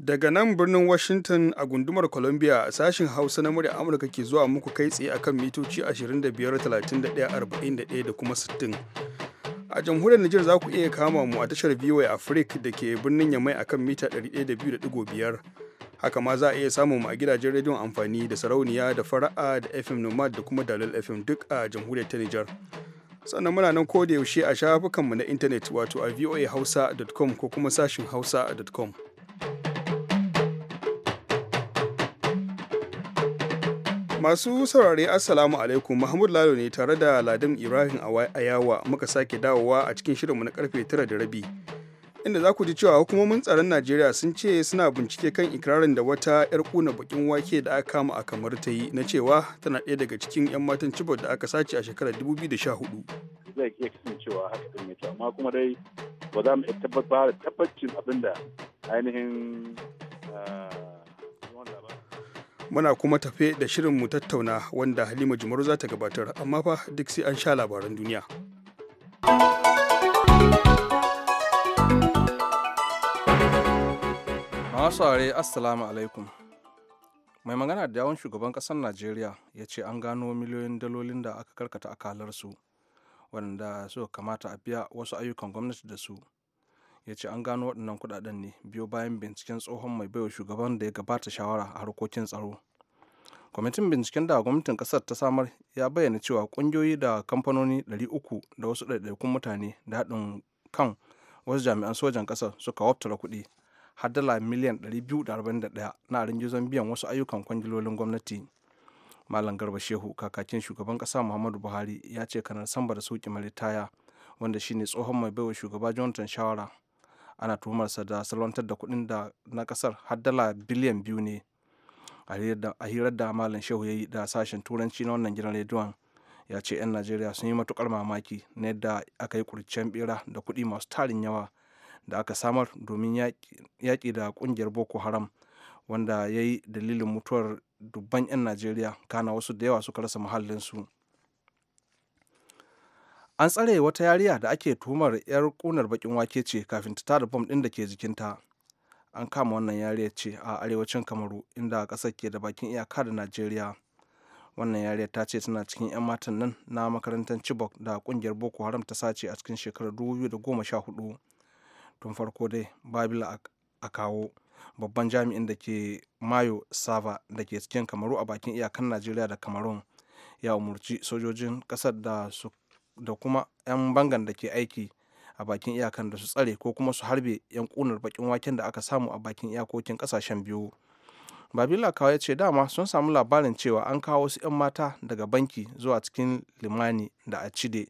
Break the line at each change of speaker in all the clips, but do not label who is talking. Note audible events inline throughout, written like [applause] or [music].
Daga nan birnin Washington a gundumar Columbia sashin Hausa na murya Amurka ke zuwa muku kai tsaye akan mitoci 25, 31, 41 da kuma 60. a jamhuriyar Nijar za ku iya kama mu a tashar VOA Africa da ke birnin Yamai akan mita 102.5 haka ma za a iya samun mu a gidajen rediyon amfani da sarauniya da fara'a da FM Nomad da kuma dalil FM duk a jamhuriyar ta Nijar sannan muna nan da yaushe a shafukanmu na intanet wato a voahausa.com ko kuma sashin hausa.com Masu saurare Assalamu alaikum Mahmud Lalo ne tare da ladin Ibrahim Ayawa muka sake dawowa a cikin shirinmu na karfe tara da rabi. Inda za ku ji cewa hukumomin tsaron Najeriya sun ce suna bincike kan ikirarin da wata 'yar kuna bakin wake da aka kama a kamar ta yi na cewa tana ɗaya daga cikin 'yan matan cibot da aka sace a shekarar 2014.
Zai iya kasancewa haka amma kuma dai ba za mu iya tabbacin abin da ainihin ah,
muna kuma tafe da shirin mu tattauna wanda halima jimaru za ta gabatar amma fa duk sai an sha labaran duniya
masu are assalamu alaikum mai magana da yawon shugaban kasar najeriya ya ce an gano miliyoyin dalolin da aka karkata akalarsu wanda suka kamata a biya wasu ayyukan gwamnati da su ya ce an gano waɗannan kuɗaɗen ne biyo bayan binciken tsohon mai baiwa shugaban da ya gabata shawara a harkokin tsaro kwamitin binciken da gwamnatin ƙasar ta samar ya bayyana cewa ƙungiyoyi da kamfanoni 300 da wasu ɗaiɗaikun mutane da haɗin kan wasu jami'an sojan ƙasar suka waftara kuɗi har dala miliyan 241 na arin gizon biyan wasu ayyukan kwangilolin gwamnati malam garba shehu kakakin shugaban ƙasa muhammadu buhari ya ce kanar samba da sauƙi mai ritaya wanda shine tsohon mai baiwa shugaba jonathan shawara ana tuhumarsa da salwantar da kuɗin da na ƙasar har dala biliyan biyu ne a hirar da malam shehu ya yi da sashen turanci na wannan gidan rediyon ya ce 'yan najeriya sun yi matukar mamaki na yadda aka yi kurcen bera da kuɗi masu tarin yawa da aka samar domin yaƙi da ƙungiyar boko haram wanda ya yi dalilin mutuwar dubban 'yan najeriya kana wasu da yawa suka rasa muhallinsu an tsare wata yariya da ake tumar yar kunar bakin wake ce kafin ta tara bom din da ke jikinta an kama wannan yariya ce a arewacin kamaru inda kasar ke da bakin iyaka da najeriya wannan yariya ta ce tana cikin 'yan matan nan na makarantar chibok da kungiyar boko haram ta sace a cikin shekarar hudu tun farko dai babila a kawo babban jami'in da ke mayo sava da ke cikin kamaru a bakin iyakan najeriya da kamarun ya umarci sojojin kasar da su da kuma 'yan bangan da ke aiki a bakin iyakan da su tsare ko kuma su harbe 'yan kunar bakin waken da aka samu a bakin iyakokin kasashen biyu babila kawai ya ce dama sun samu labarin cewa an kawo wasu 'yan mata daga banki zuwa cikin limani da a cide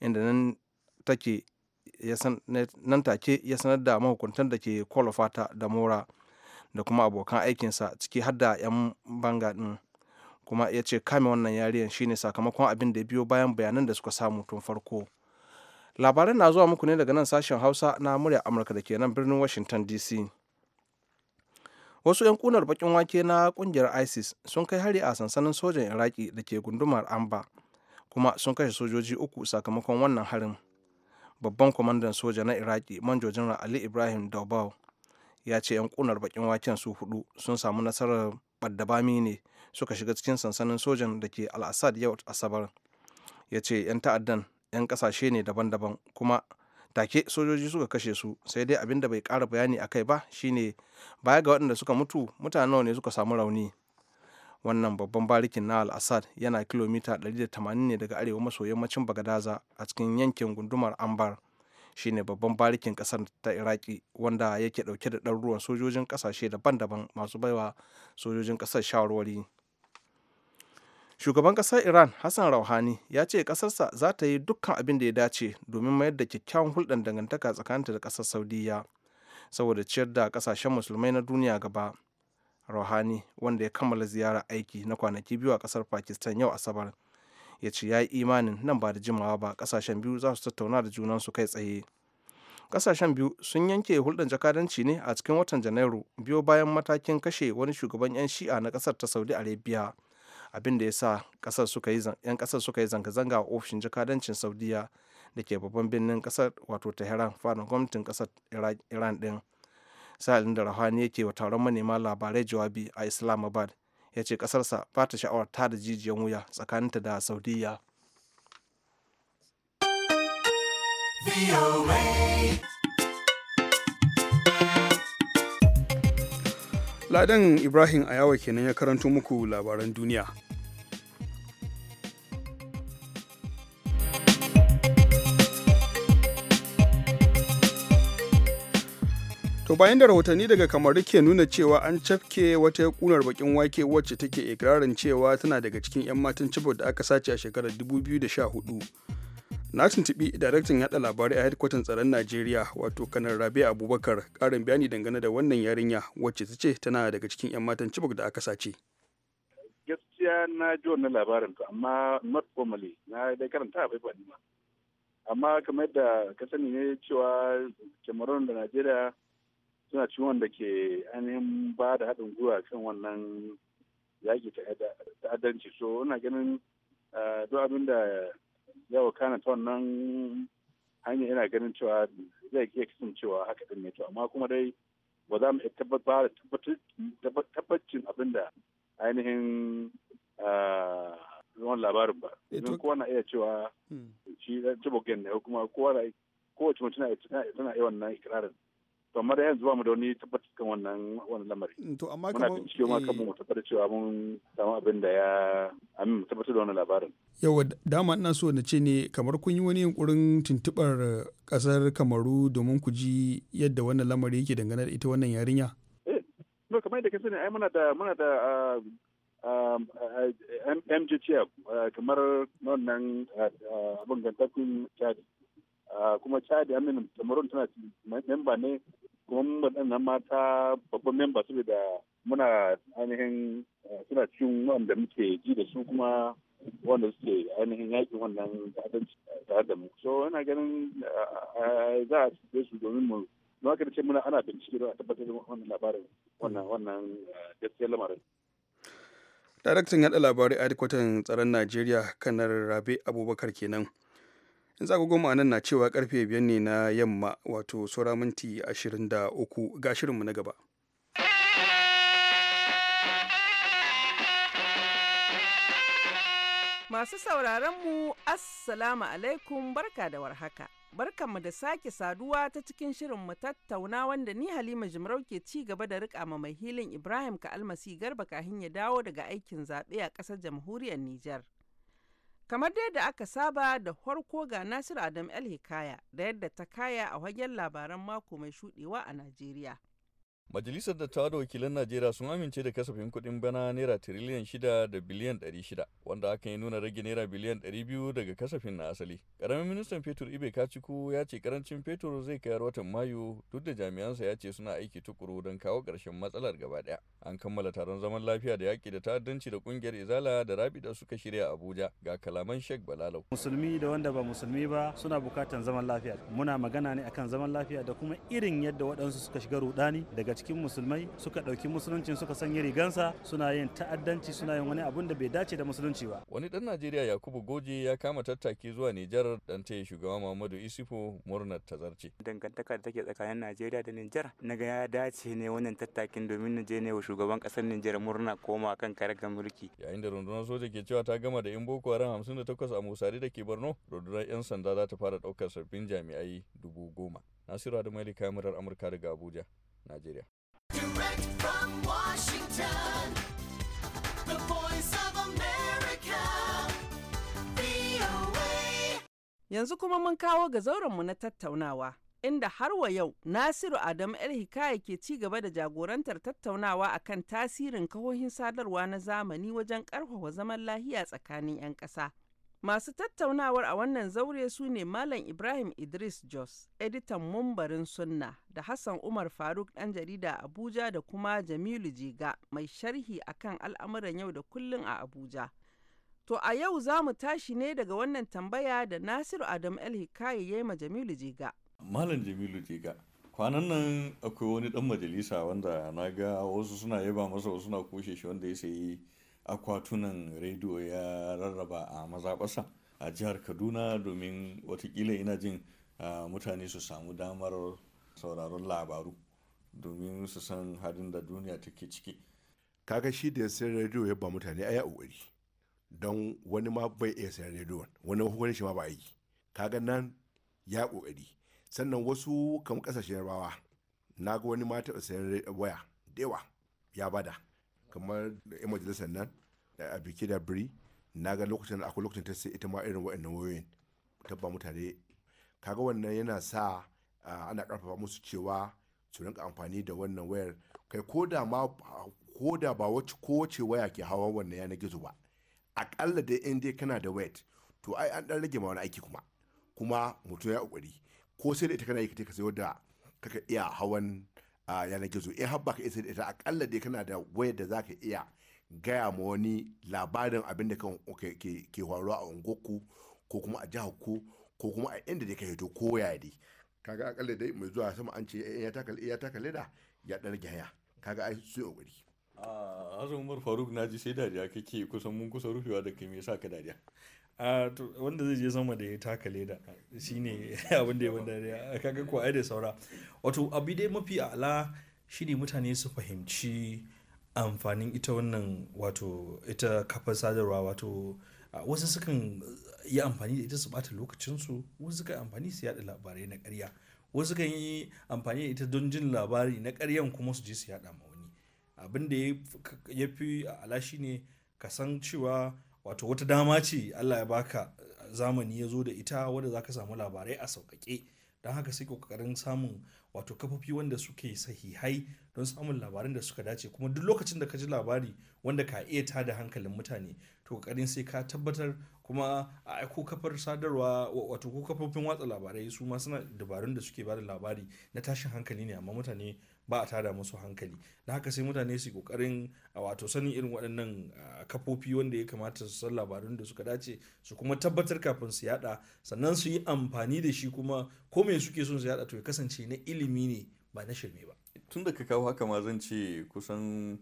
inda nan take ya sanar da mahukuntan da ke kwalafata da mora da kuma abokan aikinsa ciki har da 'yan banga din kuma ya ce kame wannan yariyan shine sakamakon abin da ya biyo bayan bayanan da suka samu tun farko labaran na zuwa muku ne daga nan sashen hausa na murya amurka da ke nan birnin washington dc wasu 'yan kunar bakin wake na kungiyar isis sun kai hari a sansanin sojan iraki da ke gundumar amba kuma sun kashe sojoji uku sakamakon wannan harin babban kwamandan soja na iraki manjo janar ali ibrahim daubau ya ce 'yan kunar bakin waken su hudu sun samu nasarar ɓaddabami ne suka shiga cikin sansanin sojan da ke al-assad yau asabar ya ce 'yan ta'addan 'yan kasashe ne daban-daban kuma take sojoji suka kashe su sai dai abin da bai kara bayani a kai ba shine baya ga waɗanda suka mutu mutane nawa ne suka samu rauni wannan babban barikin na al yana kilomita 180 ne daga arewa maso yammacin bagadaza a cikin yankin gundumar ambar shine babban barikin kasar ta iraki wanda yake dauke da ɗaruruwan sojojin kasashe daban-daban masu baiwa sojojin kasar shawarwari shugaban kasar iran hassan rauhani ya ce kasarsa za ta yi dukkan abin da ya dace domin mayar da kyakkyawan hulɗar dangantaka tsakaninta da kasar saudiya saboda ciyar da kasashen musulmai na duniya gaba rauhani wanda ya kammala ziyara aiki na kwanaki biyu a kasar pakistan yau asabar ya ce ya yi imanin nan ba da jimawa ba kasashen biyu za su tattauna da junansu kai tsaye kasashen biyu sun yanke hulɗar jakadanci ne a cikin watan janairu biyo bayan matakin kashe wani shugaban 'yan shi'a na kasar ta saudi arabia abin da ya sa 'yan kasar suka yi zanga-zanga a ofishin jakadancin saudiya da ke babban birnin kasar wato tehran fadin gwamnatin ƙasar iran ɗin sa'ilin da rahani yake wa taron manema labarai jawabi a islamabad ya ce kasarsa ba ta sha'awar ta da jijiyan wuya tsakaninta da saudiya
ladan ibrahim ayawa kenan ya karanto muku labaran duniya to bayan da rahotanni daga kamaru ke nuna cewa an cafke wata kunar bakin wake wacce take ikirarin cewa tana daga cikin 'yan matan cibo da aka sace a shekarar 2014 na tuntubi daraktan yada labarai a hedkwatan tsaron najeriya wato kanar rabe abubakar karin bayani dangane da wannan yarinya wacce ta ce tana daga cikin 'yan matan cibo da aka sace
gaskiya na ji wannan labarin amma not formally na dai karanta a faifan ma amma kamar da ka sani ne cewa cameroon da najeriya suna ci wanda ke ainihin ba da haɗin gwiwa kan wannan yaƙi ta'addanci so ina ganin duk abin da ya wakana ta wannan hanyar ina ganin cewa zai iya kasancewa haka ɗin ne to amma kuma dai ba za mu iya tabbacin abin da ainihin ruwan labarin ba. Eh, Domin kowa na iya cewa hmm. shi ci Chibok ne kuma kowa kowace mutum tana iya wannan ikirarin. to amma da yanzu ba mu da wani tabbaci kan wannan wannan lamari to amma kuma muna cikin ma kan mu tabbatar cewa mun samu abin da ya amin mu tabbatar da wannan labarin
yawa dama ina so na ce ne kamar kun yi wani yunkurin tuntubar kasar kamaru domin ku ji yadda wannan lamari yake dangane da ita wannan yarinya
eh kamar yadda ka sani ai muna da muna da ah, ah, ah, MJ kamar wannan abin gantakun Ah, kuma chad da amin cameroon tana memba ne kuma mun waɗannan mata babban memba saboda muna ainihin eh, suna cikin wanda muke ji da su kuma wanda suke ainihin yaƙin wannan ta'addanci tare da mu so yana ganin eh, za a cike su domin mu don ka ce muna ana bincike don a tabbatar da wannan labarin wannan wannan eh, gaskiyar lamarin
daraktan yada labarai a tsaron najeriya kanar rabe abubakar kenan yanzu agogonmu a na cewa karfe biyar ne na yamma wato saura minti 23 ga shirinmu na gaba
Masu sauraron mu Assalamu alaikum barka da warhaka. Barkanmu da sake saduwa ta cikin shirin mu tattauna wanda ni Halima Jimarau ke ci gaba da rika ma mai hilin Ibrahim ka almasi garba kahin ya dawo daga aikin zaɓe a ƙasar jamhuriyar Nijar. Kamar da aka saba da farko ga Nasiru Adam El Hikaya da yadda ta kaya a wajen labaran mako mai shuɗewa a Najeriya.
Majalisar Dattawa da Wakilan Najeriya sun amince da kasafin kudin bana naira tiriliyan shida da biliyan ɗari shida, wanda aka yi nuna rage naira biliyan ɗari biyu daga kasafin na asali. Ƙaramin ministan fetur Ibe Kaciku ya ce karancin fetur zai kayar watan Mayu duk da jami'ansa ya ce suna aiki tukuru don kawo karshen matsalar gaba ɗaya. An kammala taron zaman lafiya da yaƙi da ta'addanci da ƙungiyar Izala da Rabida suka shirya Abuja ga kalaman Sheikh Balalau.
Musulmi da wanda ba musulmi ba suna bukatan zaman lafiya. Muna magana ne akan zaman lafiya da kuma irin yadda waɗansu suka shiga rudani daga cikin musulmai suka ɗauki musuluncin suka sanya rigansa suna yin ta'addanci suna yin wani abun da bai dace da musulunci ba
wani dan najeriya yakubu goje ya kama tattaki zuwa nijar dan taya shugaba muhammadu isufu murnar tazarci dangantaka da take tsakanin najeriya da nijar na ga ya dace ne wannan tattakin domin na je ne wa shugaban kasar nijar murna koma kan karagar mulki yayin da rundunar soja ke cewa ta gama da yan boko haram hamsin da takwas a musari da ke barno rundunar yan sanda za ta fara ɗaukar sabbin jami'ai dubu goma nasiru adamu kamarar amurka daga abuja najeriya
Yanzu kuma mun kawo ga zaurenmu na tattaunawa, inda har wa yau Nasiru Adamu El Hikaya ke ci gaba da jagorantar tattaunawa akan tasirin kahohin sadarwa na zamani wajen ƙarfafa zaman lahiya tsakanin 'yan ƙasa. Masu tattaunawar a wannan zaure su ne Malam Ibrahim Idris Jos, editan mumbarin sunna da Hassan Umar Faruk ɗan jarida Abuja da kuma Jamilu Jiga mai sharhi akan al'amuran yau da kullun a Abuja. To a yau za mu tashi ne daga wannan tambaya da Nasiru Adam El Hikayi ya yi ma Jamilu Jiga.
Malam Jamilu Jiga, kwanan nan akwai wani dan majalisa wanda na ga wasu suna yaba masa wasu suna kushe shi wanda ya sayi akwatunan rediyo ya rarraba a mazaɓasa a jihar kaduna domin watakila ina jin mutane su samu damar sauraron labaru
domin su san hadin da duniya take ciki kaga shi da sai rediyo ya ba mutane a ya don wani ma bai iya sayar rediyon wani hukunin shi ma ba yi kaga nan ya ƙoƙari sannan wasu kam ƙasashen rawa na ga wani ma taɓa sayar waya da yawa ya bada kamar da yan majalisar nan a biki da biri na ga lokacin da akwai lokacin ta sai ita ma irin wa'annan wayoyin ta ba mutane kaga wannan yana sa ana karfafa musu cewa su rinka amfani da wannan wayar kai ko da ba wacce ko wacce waya ke hawa wannan yana gizo ba akalla dai in dai kana da wayar to ai an dan rage ma wani aiki kuma kuma mutum ya kokari ko sai da ita kana yi ka sai wadda kaka iya hawan a yanar gizo in eh, har baka isa da ita akalla dai kana da wayar da zaka iya gaya ma wani labarin abin da ke faruwa a unguwarku ko kuma a jihar ku ko kuma a inda dai ka hito ko ya dai kaga akalla dai mai zuwa sama an ce eh, ya taka ya taka leda ya dan rage haya kaga ai su kokari
a Umar Faruk naji sai dariya kake kusan mun kusa rufewa da kai me yasa ka dariya wanda zai je sama da ya taka leda shine [laughs] abin da ya wanda ya kaga ko da saura wato abu dai
mafi ala shine mutane su fahimci amfanin ita wannan wato ita kafar sadarwa wato wasu sukan yi amfani da ita su bata lokacinsu wasu sukan amfani su yada labarai na karya wasu kan yi amfani da ita don jin labari na karyan kuma su je su yada ma wani abin da ya fi ala shine ka san cewa wato wata dama ce allah ya baka zamani ya zo da ita wadda za ka samu labarai a sauƙaƙe don haka sai ƙoƙarin samun wato kafofi wanda suke sahihai don samun labarin da suka dace kuma duk lokacin da ka ji labari wanda ka iya da hankalin mutane to ƙoƙarin sai ka tabbatar kuma a aiko kafar sadarwa wato ko kafofin watsa labarai su ma suna dabarun da suke bada labari na tashin hankali ne amma mutane ba a tada musu hankali na haka sai mutane su kokarin a wato sanin irin waɗannan kafofi wanda ya kamata su san labarun da suka dace su kuma tabbatar kafin su yada sannan su yi amfani da shi kuma ko me suke son su yada to ya kasance na ilimi ne ba na shirme ba
tun da ka kawo haka ma zan ce kusan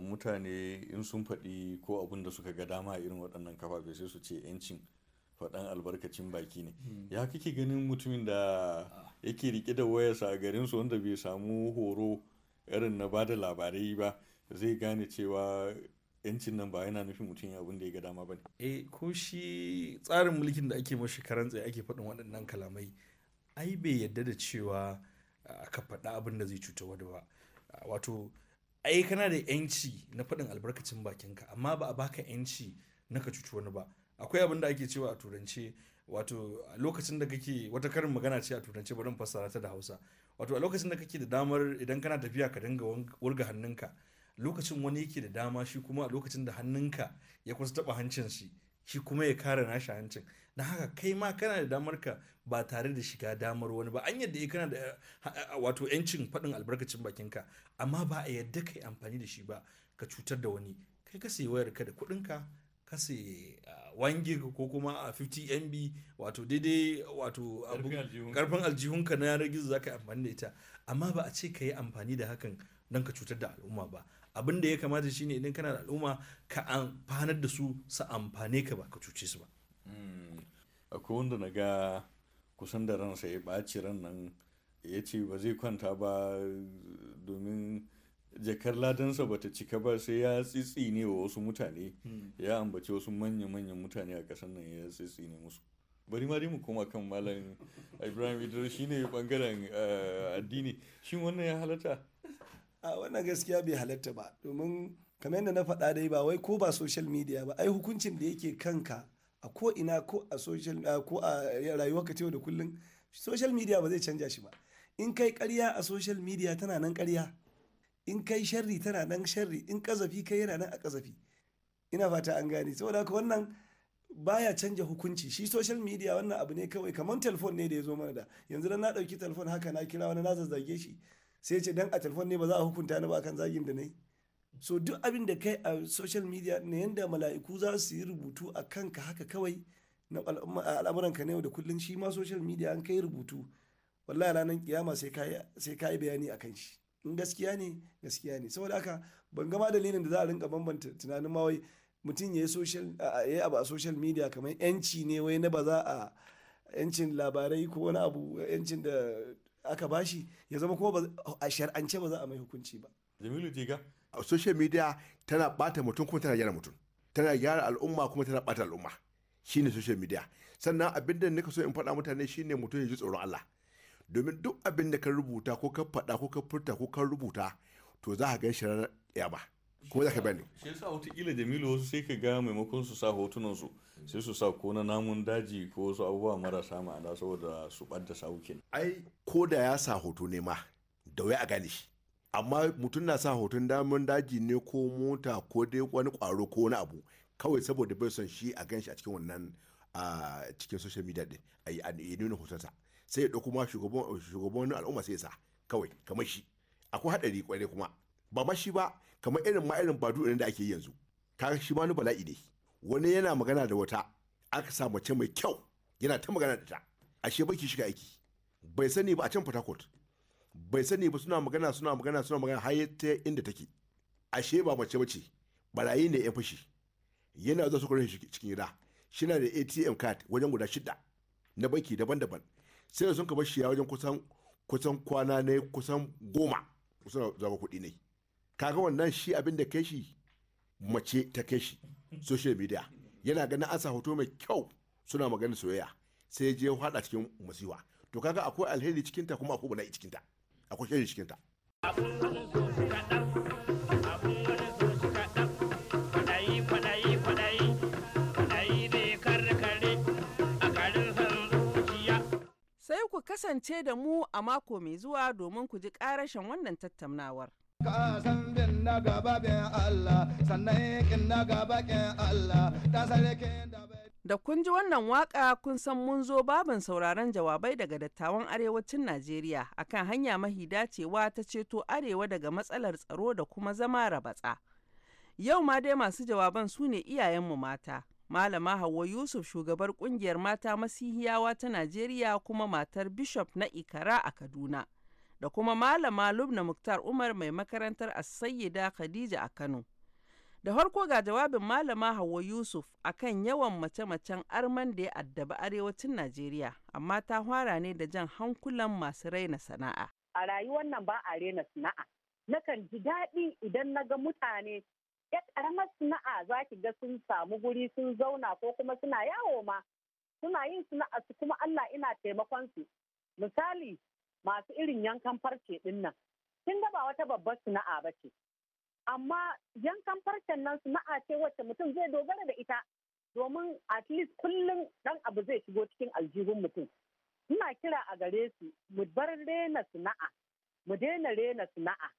mutane in sun faɗi ko abin da suka ga dama irin waɗannan kafafe sai su ce 'yancin faɗan albarkacin baki ne hmm. ya kake ganin mutumin da ah. yake rike da wayarsa a su wanda bai samu horo irin na bada labarai ba zai gane cewa yancin nan ba yana nufin mutum abin da ya ga dama ba ne.
eh ko shi tsarin mulkin da ake mashi karan tsaye ake faɗin waɗannan kalamai ai bai yadda da cewa aka faɗa abin da zai cuta wani ba wato ai kana da yanci na faɗin albarkacin bakinka amma ba a baka yanci na ka cuci wani ba akwai abin da ake cewa a turance wato lokacin da kake wata karin magana ce a turance bari fassara ta da hausa wato a lokacin da kake da damar idan kana tafiya ka dinga wurga hannunka lokacin wani yake da dama shi kuma a lokacin da hannunka ya kusa taba hancin shi shi kuma ya kare nashi hancin na haka kai ma kana da damar ka ba tare da shiga damar wani ba an yadda ya eh, kana da wato yancin faɗin albarkacin bakin ka amma ba a yadda kai amfani da shi ba ka cutar da wani kai ka sayi wayar ka da kuɗinka kase 1 gig ko kuma a 50 mb wato daidai wato karfin aljihunka na yanar gizo zaka yi amfani da ita amma ba a ce ka yi amfani da hakan don ka cutar da al'umma ba abin da ya kamata shine idan kana da al'umma ka amfanar da su su amfane ka ba ka cuce su ba
hmm. akwai wanda na ga kusan da ransa ya ɓaci ran nan ya ce ba zai kwanta ba domin jakar ladansa ta cika ba sai ya tsitsinewa wa wasu mutane hmm. ya ambaci wasu manya-manyan mutane a ƙasar nan ya tsitsine musu bari ma dai mu koma kan malam ibrahim idris shine bangaren eh, addini
shi wannan ya halatta a wannan gaskiya bai halatta ba domin kamar yadda na faɗa dai ba wai ko ba social media ba ai hukuncin da yake kanka a ko ina ko a social eh, ko a rayuwar ka da kullum social media ba zai canja shi ba in kai karya a social media tana nan karya. in kai sharri tana nan sharri in kazafi kai yana nan a kazafi ina fata an gane saboda haka wannan baya canja hukunci shi social media wannan abu ne kawai kamar telefon ne da ya zo mana da yanzu dan na ɗauki telefon haka na kira wani na zazzage shi sai ce dan a telefon ne ba za a hukunta ni ba akan zagin da nayi so duk abin da kai a social media ne yanda mala'iku za su yi rubutu a kanka haka kawai na al'amuranka ka yau da kullun shi ma social media an kai rubutu wallahi ranar kiyama sai ka yi bayani a kan shi in gaskiya ne gaskiya ne saboda haka ban gama dalilin da za a rinka bambanta tunanin ma wai mutum ya yi abu a social media kamar yanci ne wai na ba za a yancin labarai ko wani abu yancin da aka bashi ya zama kuma a shar'ance ba za a mai hukunci ba jamilu jiga a social media tana bata
mutum kuma tana gyara mutum tana gyara al'umma kuma tana bata al'umma shine social media sannan abin da nika so in faɗa mutane shine mutum ya ji tsoron Allah domin duk abin da ka rubuta ko ka faɗa ko ka furta ko ka rubuta to za ka gan shi ya ba kuma za ka bani
shi yasa kila jamilu wasu sai ka ga maimakon su sa hotunan su sai su sa ko na namun daji ko wasu abubuwa marasa ma'ana saboda su ɓadda sawukin
ai ko da ya sa hoto ne ma da wai a gane shi amma mutum na sa hoton damun daji ne ko mota ko dai wani kwaro ko wani abu kawai saboda bai son shi a gan shi a cikin wannan a ah, cikin social media din a yi nuna hotonsa sai ya kuma shugaban shugaban al'umma sai ya sa kawai kamar shi akwai haɗari kwarai kuma ba ma shi ba kamar irin ma irin badu da ake yanzu kaga shi ma ni bala'i ne wani yana magana da wata aka sa mace mai kyau yana ta magana da ta ashe baki shiga aiki bai sani ba a can fatakot bai sani ba suna magana suna magana suna magana har ta inda take ashe ba mace bace barayi ne ya fashi yana zuwa sukurin cikin gida shi na da ATM card wajen guda shida na banki daban-daban sai da sun ka bashi ya wajen kusan kwana ne kusan goma kusan zama kuɗi ne kaga wannan shi abin da kai shi mace ta kai shi social media yana ganin an sa hoto mai kyau suna maganin soyayya sai ya je ya haɗa cikin masiwa to kaga akwai alheri cikinta kuma akwai bala'i cikinta akwai shari cikinta.
kasance da mu a mako mai zuwa domin ku ji ƙarashin wannan tattaunawar. da kun ji wannan waka kun san mun zo babin sauraron jawabai daga dattawan arewacin Najeriya akan hanya mahi dacewa ta ceto arewa daga matsalar tsaro da kuma zama rabatsa. Yau ma dai masu jawaban su ne iyayenmu mata. Malama Hauwa Yusuf shugabar kungiyar mata masihiyawa ta Najeriya kuma matar Bishop na Ikara a Kaduna. Da kuma Malama Lubna Muktar Umar mai makarantar Asayida Khadija a Kano. Da farko ga jawabin Malama Hauwa Yusuf a kan yawan mace-macen arman da ya addaba arewacin Najeriya, amma ta fara ne da jan hankulan masu raina sana'a.
A rayuwar nan ba a raina sana'a. Nakan ji daɗi idan na ga mutane ya karamar sana'a za ki ga sun samu guri sun zauna ko kuma suna yawo ma suna yin sana'a su kuma Allah ina taimakon su misali masu irin yankan farce din nan kin ga ba wata babbar sana'a ba ce amma yankan farcen nan sana'a ce wacce mutum zai dogara da ita domin at least kullum dan abu zai shigo cikin aljihun mutum suna kira a gare su mu bar rena sana'a mu daina rena sana'a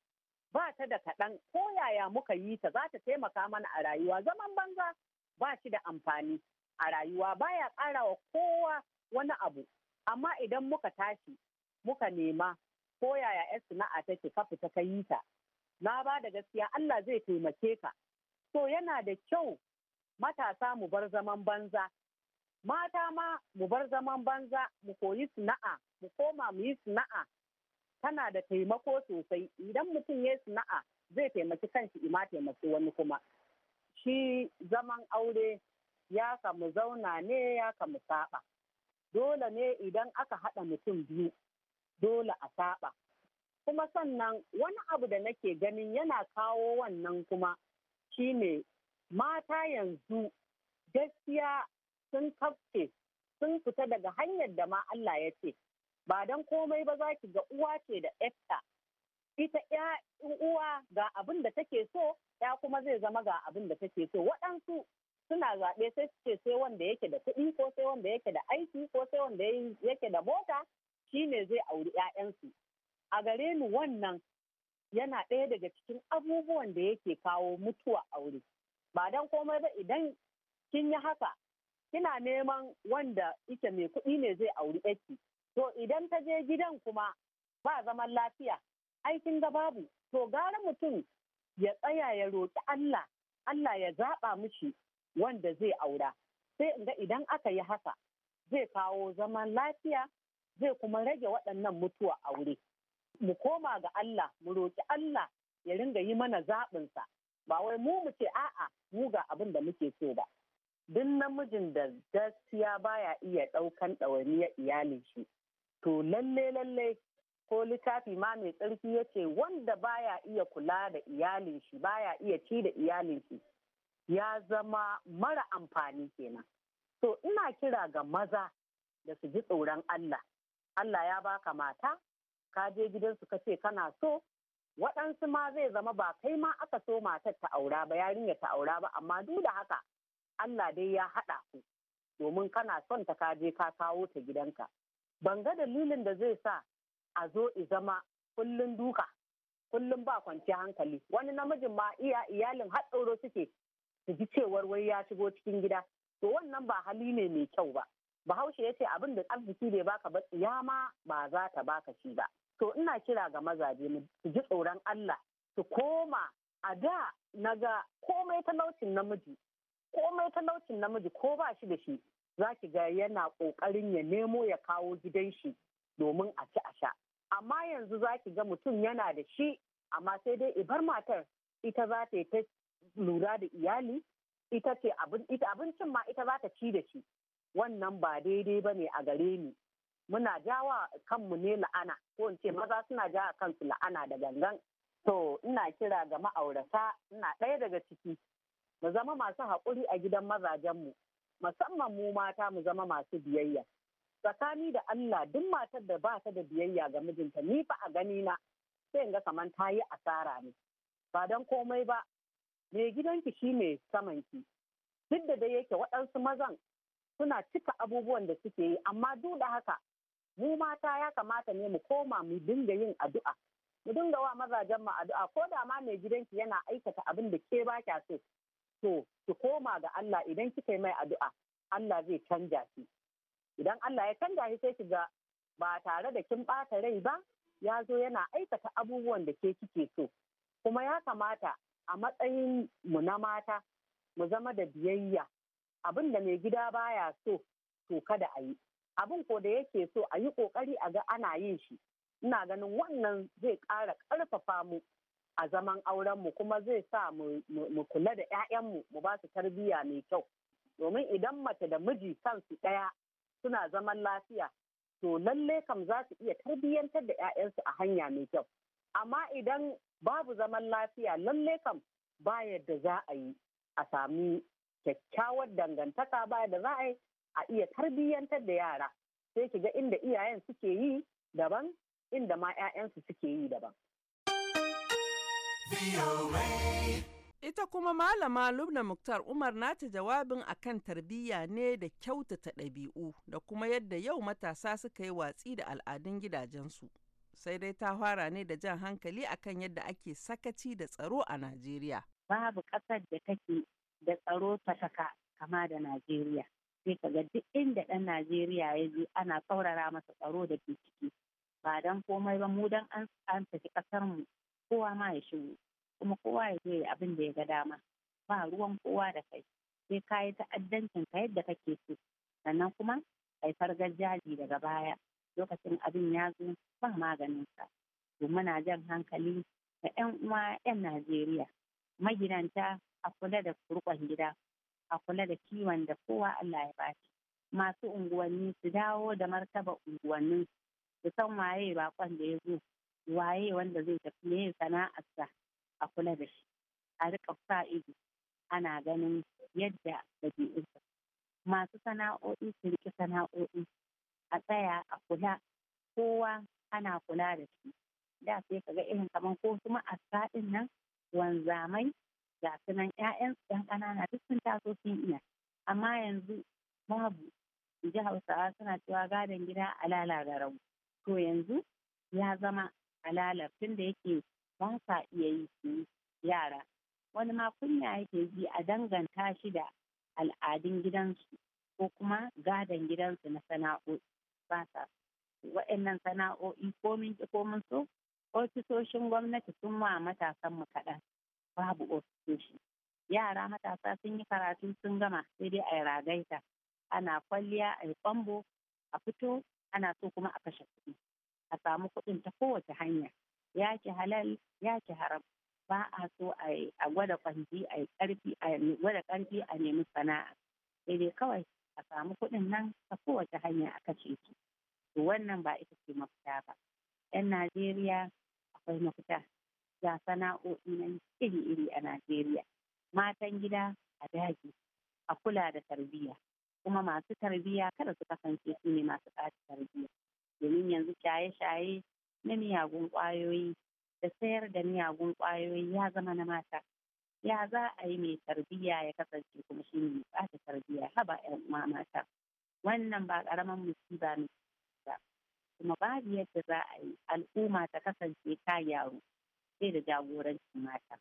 ba ta da kaɗan ko yaya muka yi ta za ta taimaka mana a rayuwa zaman banza ba shi da amfani a rayuwa baya ƙara wa kowa wani abu amma idan muka tashi muka nema ko yaya yar sana'a take ka fita ka yi ta na ba da gaskiya Allah zai taimake ka so yana da kyau matasa mu bar zaman banza mata ma mu bar zaman banza mu koyi sana'a mu koma mu yi sana'a tana da taimako sosai idan mutum ya sana'a zai taimaki kanshi ima taimaki wani kuma shi zaman aure ya kamu zauna ne ya kamu saba dole ne idan aka haɗa mutum biyu dole a saba kuma sannan wani abu da nake ganin yana kawo wannan kuma Shi ne, mata yanzu gaskiya sun kafke sun fita daga hanyar da ma Allah ya ce ba don komai ba za ki ga uwa ce da yarta ita ya uwa ga abin da take so ya kuma zai zama ga abin da take so waɗansu suna zaɓe sai su ce sai wanda yake da kuɗi ko sai wanda yake da aiki ko sai wanda yake da mota shine zai auri ƴaƴansu. a gare ni wannan yana ɗaya daga cikin abubuwan da yake kawo mutuwa aure ba don komai ba idan kin yi haka kina neman wanda ita mai kuɗi ne zai auri yaki to idan ta je gidan kuma ba zaman lafiya aikin ga babu to gara mutum ya tsaya ya roƙi Allah Allah ya zaɓa mishi wanda zai aura sai in ga idan aka yi haka zai kawo zaman lafiya zai kuma rage waɗannan mutuwa aure mu koma ga Allah mu roƙi Allah ya ringa yi mana zaɓinsa ba wai mu mu ce a'a mu ga abin da muke so ba duk namijin da gaskiya baya iya ɗaukan ɗawainiyar iyalin shi to lalle lalle ko littafi ma mai tsarki ya ce wanda baya iya kula da iyalin shi baya iya ci da iyalin shi ya zama mara amfani kenan to ina kira ga maza da su ji tsoron Allah Allah ya baka mata ka je gidansu ka ce kana so waɗansu ma zai zama ba kai ma aka so matar ta aura ba yarinya ta aura ba amma duk da haka Allah dai ya haɗa ku domin kana son ta kaje ka kawo ta gidanka ban ga dalilin da zai sa a zo i zama kullum duka kullum ba kwanciyar hankali wani namijin ma iya iyalin har tsoro suke su ji cewar wai ya shigo cikin gida to wannan ba hali ne mai kyau ba bahaushe ya ce abin da arziki bai baka ba ma ba za ta baka shi ba to ina kira ga mazaje mu su ji tsoron Allah su koma a da naga komai talaucin namiji komai talaucin namiji ko ba shi da shi za ki ga yana ƙoƙarin ya nemo ya kawo gidan shi domin a ci a sha. Amma yanzu za ki ga mutum yana da shi amma sai dai ibar matar ita za ta ta lura da iyali ita ce abincin ma ita za ta ci da shi. Wannan ba daidai ba ne a gare ni. Muna jawa kanmu ne la'ana ko in ce maza suna jawa kansu la'ana da gangan. To ina kira ga ma'aurata ina ɗaya daga ciki. Mu zama masu haƙuri a gidan mazajenmu. musamman mu mata mu zama masu biyayya tsakani da Allah duk matar da ba ta da biyayya ga mijinta ni fa a gani na sai ga kamar ta yi asara ne ba dan komai ba mai gidanki shi mai ki. duk da dai yake waɗansu mazan suna cika abubuwan da suke yi amma duk da haka mu mata ya kamata ne mu koma mu dinga yin addu'a mu dinga wa mazajen mu addu'a ko da ma mai gidanki yana aikata abin da ke ba kya so to ki koma ga Allah idan kika yi mai addu'a Allah zai canja ki idan Allah ya canja shi sai ki ga ba tare da kin ɓata rai ba ya zo yana aikata abubuwan da ke kike so kuma ya kamata a matsayin mu na mata mu zama da biyayya abin da mai gida baya so to kada a yi abin ko da yake so a yi kokari a ga ana yin shi ina ganin wannan zai ƙara ƙarfafa mu a zaman aurenmu kuma zai sa mu kula da 'ya'yanmu mu ba su tarbiyya mai kyau domin idan mace da miji kansu ɗaya suna zaman lafiya to lalle kam za su iya tarbiyyantar da 'ya'yansu a hanya mai kyau amma idan babu zaman lafiya lalle kam ba yadda za a yi a sami kyakkyawar dangantaka ba da za a yi a iya tarbiyyantar da yara sai ki ga inda iyayen suke yi daban inda ma 'ya'yansu suke yi daban
Ita kuma malama Lubna Muktar Umar nata jawabin akan tarbiyya ne da kyautata ɗabi'u da kuma yadda yau matasa suka yi watsi da al'adun gidajensu. Sai dai ta fara ne da jan hankali akan yadda ake sakaci da tsaro a Najeriya. Babu ƙasar da take
da tsaro sakaka kama da Najeriya. Sai ka ga duk inda ɗan Najeriya ya je ana saurara masa tsaro da ke ciki. Ba don komai ba mu dan an tafi ƙasarmu kowa ma ya shigo kuma kowa ya je abin da ya ga dama ba ruwan kowa da kai sai ka yi ta'addancin ka yadda kake so sannan kuma haifar gajaji daga baya lokacin abin ya zo ba maganin ka to muna jan hankali ga 'yan uwa 'yan Najeriya magidanta a kula da rukon gida a kula da kiwon da kowa Allah ya bashi masu unguwanni su dawo da martaba unguwannin su san waye bakon da ya zo waye wanda zai tafi ne sana'arsa a kula da shi a riƙa sa ido ana ganin yadda ɗabi'unsa masu sana'o'i su riƙe sana'o'i a tsaya a kula kowa ana kula da shi da sai ka ga irin kamar ko kuma a sa'in nan wanzamai ga su nan ƴaƴan ƴan ƙanana duk sun taso sun iya amma yanzu babu in ji hausawa suna cewa gadon gida a lala rau to yanzu ya zama halalar tun da yake ba sa iya yi su yara wani ma kunya yake yi a danganta shi da al'adun gidansu ko kuma gadon gidansu na sana'o'i ba sa waɗannan sana'o'i komin komin so ofisoshin gwamnati sun wa matasan mu kaɗan babu ofisoshi yara matasa sun yi karatu sun gama sai dai a ragaita ana kwalliya a yi kwambo a fito ana so kuma a kashe kuɗi a samu kuɗin ta kowace hanya ya ki halal ya ki haram ba a so a gwada kwanji a karfi a gwada ƙarfi a nemi sana'a sai dai kawai a samu kuɗin nan ta kowace hanya a kashe su to wannan ba ita ce mafita ba yan najeriya akwai mafita ga sana'o'i nan iri-iri a najeriya matan gida a daji a kula da tarbiyya kuma masu tarbiyya kada su kasance su ne masu ɓata tarbiyya domin yanzu shaye-shaye na miyagun ƙwayoyi da sayar da miyagun ƙwayoyi ya zama na mata ya za a yi mai tarbiyya ya kasance kuma shi ne ɓata tarbiyya haba yan uwa mata wannan ba ƙaramin musiba ne ba kuma babu yadda za a yi al'umma ta kasance ta gyaru sai da jagorancin mata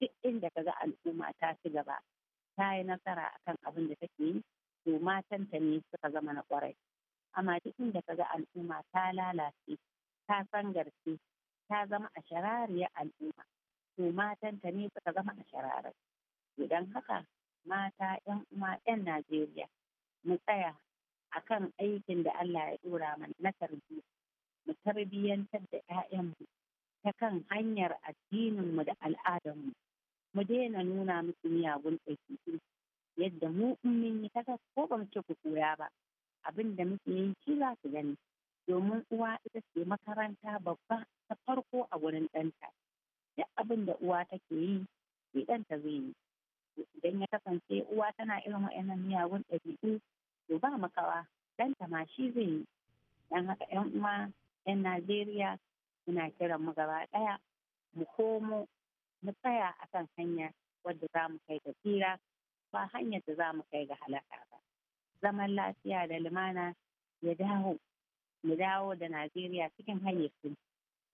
duk inda ka ga al'umma ta ci gaba ta yi nasara kan abin da take yi to matanta ne suka zama na kwarai. amma duk inda ka ga al'umma ta lalace ta sangarce ta zama a shararriya al'umma to matanta ne suka zama a shararar idan haka mata 'yan uwa 'yan najeriya mu tsaya a kan aikin da allah ya dora mana na tarbiyya mu tarbiyyantar da 'ya'yanmu ta kan hanyar addininmu da al'adarmu mu daina nuna musu miyagun ɗabi'u yadda mu in mun yi ta ko ba mu ce ku koya ba abin da muke yin shi za su gani domin uwa ita ce makaranta babba ta farko a wurin ɗanta duk abin da uwa take yi sai ɗanta zai yi idan ya kasance uwa tana irin waɗannan miyagun ɗabi'u to ba makawa ɗanta ma shi zai yi don haka 'yan uwa 'yan najeriya muna kiran mu gaba ɗaya mu komo mu tsaya akan hanya wadda za mu kai ga tsira ba hanyar da za mu kai ga halaka ba zaman lafiya da lumana ya dawo mu dawo da najeriya cikin hayyacin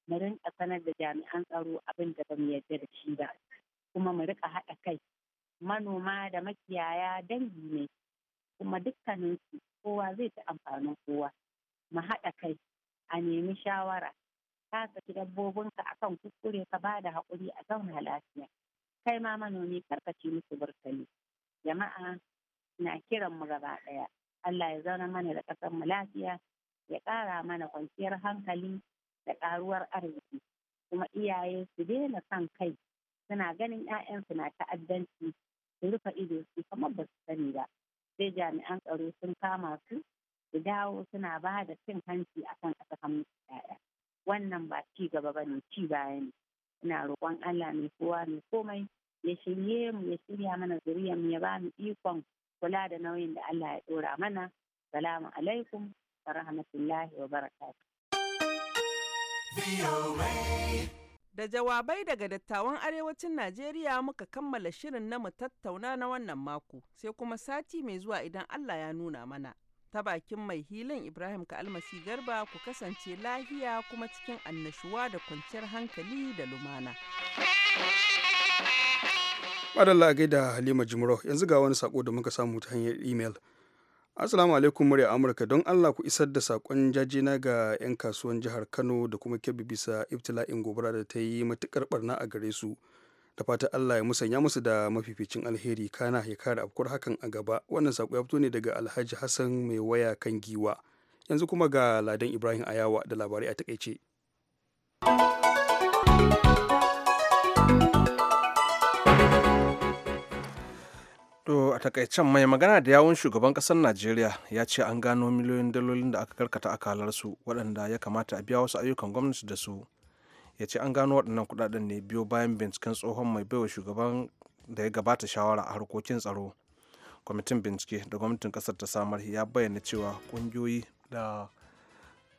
mu rinka sanar da jami'an tsaro abin da bamu yarda da shi ba kuma mu rika haɗa kai manoma da makiyaya dangi ne kuma dukkaninsu kowa zai ci amfanin kowa mu haɗa kai a nemi shawara ka saki dabbobinka akan kuskure ka ba da haƙuri a zauna lafiya kai ma manomi karkaci musu burtani jama'a na kiran mu gaba ɗaya. Allah ya zauna mana da ƙasar mu lafiya, ya ƙara mana kwanciyar hankali da ƙaruwar arziki. Kuma iyaye su daina kan kai suna ganin 'ya'yansu na ta'addanci su rufe ido su kamar ba su sani ba. Sai jami'an tsaro sun kama su su dawo suna ba da cin hanci akan kan musu ƴaƴa. Wannan ba ci gaba ba ne ci baya ne. Ina roƙon Allah mai kowa mai komai ya shirye mu ya shirya mana zuriyar mu ya ba mu ikon kula da nauyin da Allah ya ɗora mana. Salamu alaikum wa rahmatullahi wa barakatu.
Da jawabai daga dattawan arewacin Najeriya muka kammala shirin na mu tattauna na wannan mako, sai kuma sati mai zuwa idan Allah ya nuna mana. Ta bakin mai hilin Ibrahim ka Ka'almasi Garba ku kasance lahiya kuma cikin annashuwa da kwanciyar hankali da lumana.
madalla da halima jimro yanzu ga wani sako da muka samu ta hanyar email assalamu alaikum murya amurka don allah ku isar da sakon jajena ga 'yan kasuwan jihar kano da kuma kebbi bisa ibtila'in gobara da ta yi matukar barna a gare su da fatan allah ya musanya musu da mafificin alheri kana ya kare afkuwar hakan a gaba wannan sako ya fito ne daga alhaji hassan mai waya kan giwa yanzu kuma ga ladan ibrahim ayawa da labarai a takaice.
To a takaicen mai magana da yawun shugaban kasar Najeriya ya ce an gano miliyoyin dalolin da aka karkata akalarsu waɗanda ya kamata a biya wasu ayyukan gwamnati da su. Ya ce an gano waɗannan kuɗaɗen ne biyo bayan binciken tsohon mai baiwa shugaban da ya gabata shawara a harkokin tsaro. Kwamitin bincike da gwamnatin kasar ta samar ya bayyana cewa kungiyoyi da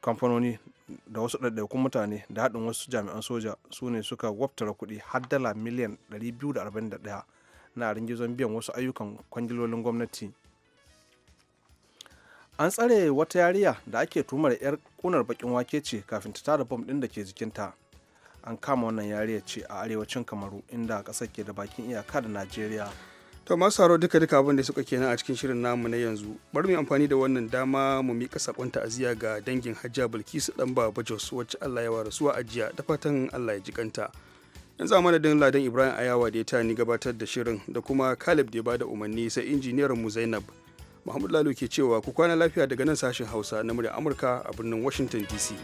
kamfanoni da wasu ɗaiɗaikun mutane da haɗin wasu jami'an soja su ne suka wabtara kuɗi har dala miliyan 241 na ringizon biyan wasu ayyukan kwangilolin gwamnati an tsare wata yariya da ake tumar yar kunar bakin wake ce kafin ta tara bom din da ke jikinta an kama wannan yariya ce a arewacin kamaru inda kasar ke da bakin iyaka da najeriya
to masu haro duka duka abin da suka kenan a cikin shirin namu na yanzu bar mu amfani da wannan dama mu mika sakon aziya ga dangin hajja bilkisu dan baba jos wacce allah ya wa rasuwa ajiya da fatan allah ya jikanta kanta yanzu a madadin ladan ibrahim ayawa da ya tani gabatar da shirin da kuma kalib da ya bada umarni sai injiniyar mu zainab muhammadu lalo ke cewa ku kwana lafiya daga nan sashen hausa na murya amurka a birnin washington dc